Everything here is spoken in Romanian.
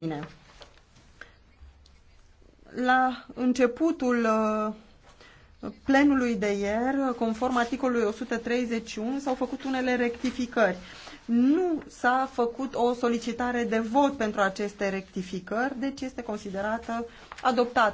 Bine. La începutul uh, plenului de ieri, conform articolului 131, s-au făcut unele rectificări. Nu s-a făcut o solicitare de vot pentru aceste rectificări, deci este considerată adoptată.